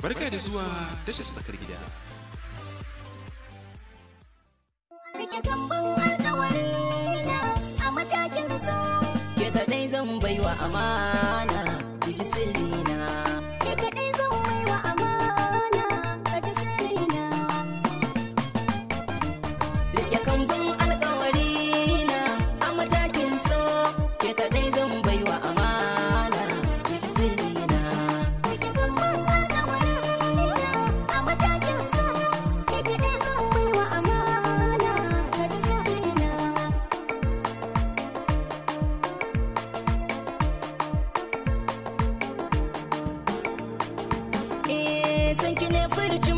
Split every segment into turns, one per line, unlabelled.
Barka da zuwa tashar tsakar gida.
Rike kambun alkawari na a matakin so.
Ke kaɗai zan baiwa amana, ki sirri na. quit it, you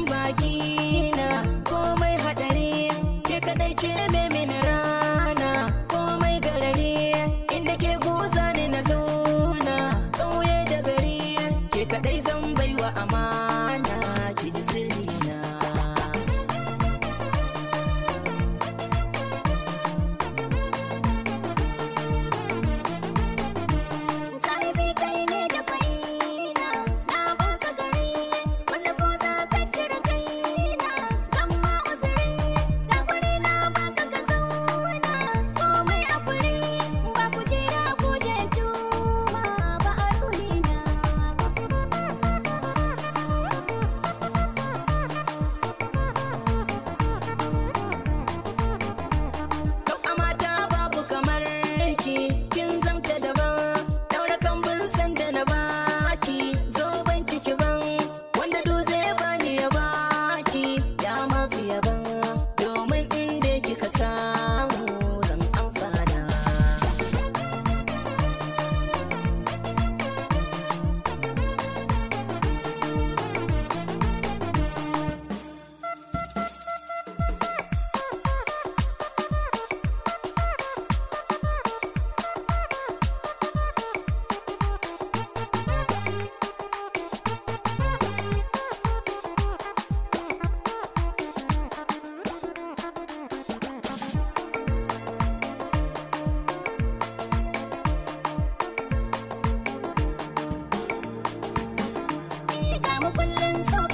mu kullun sau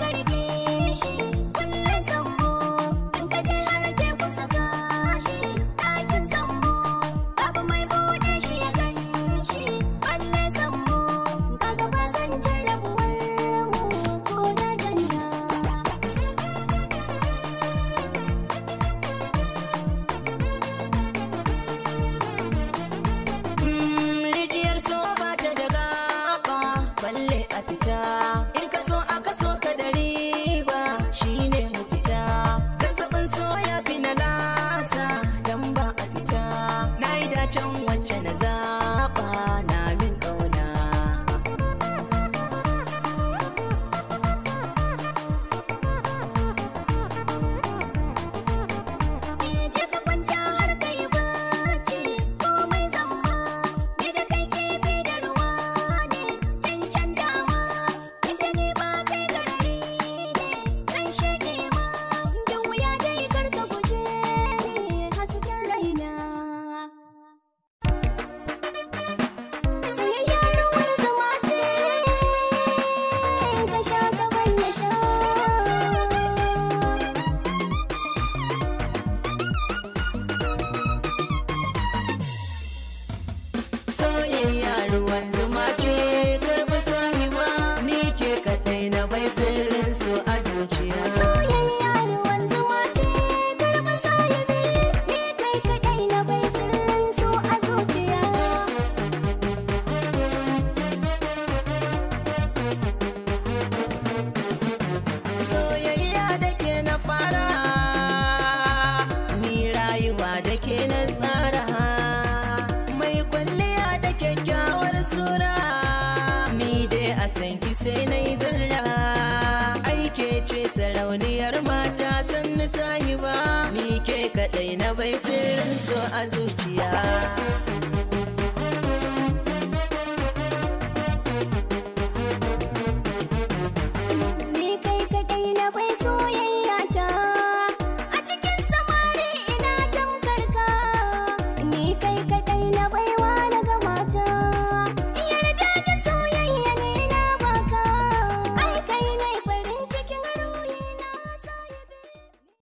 sirrin su a zuciya soyayya ruwan zuma ce karfin
sayabi ni kai kaɗai na bai sirrin su a zuciya
soyayya da ke na fara ni rayuwa da ke na tsara mai kwalliya da kyakkyawar sura Mi dai a sanki sai na yi zalla sarauniyar mata sun sahiba ni ke kaɗai na bai sirrin so a zuciya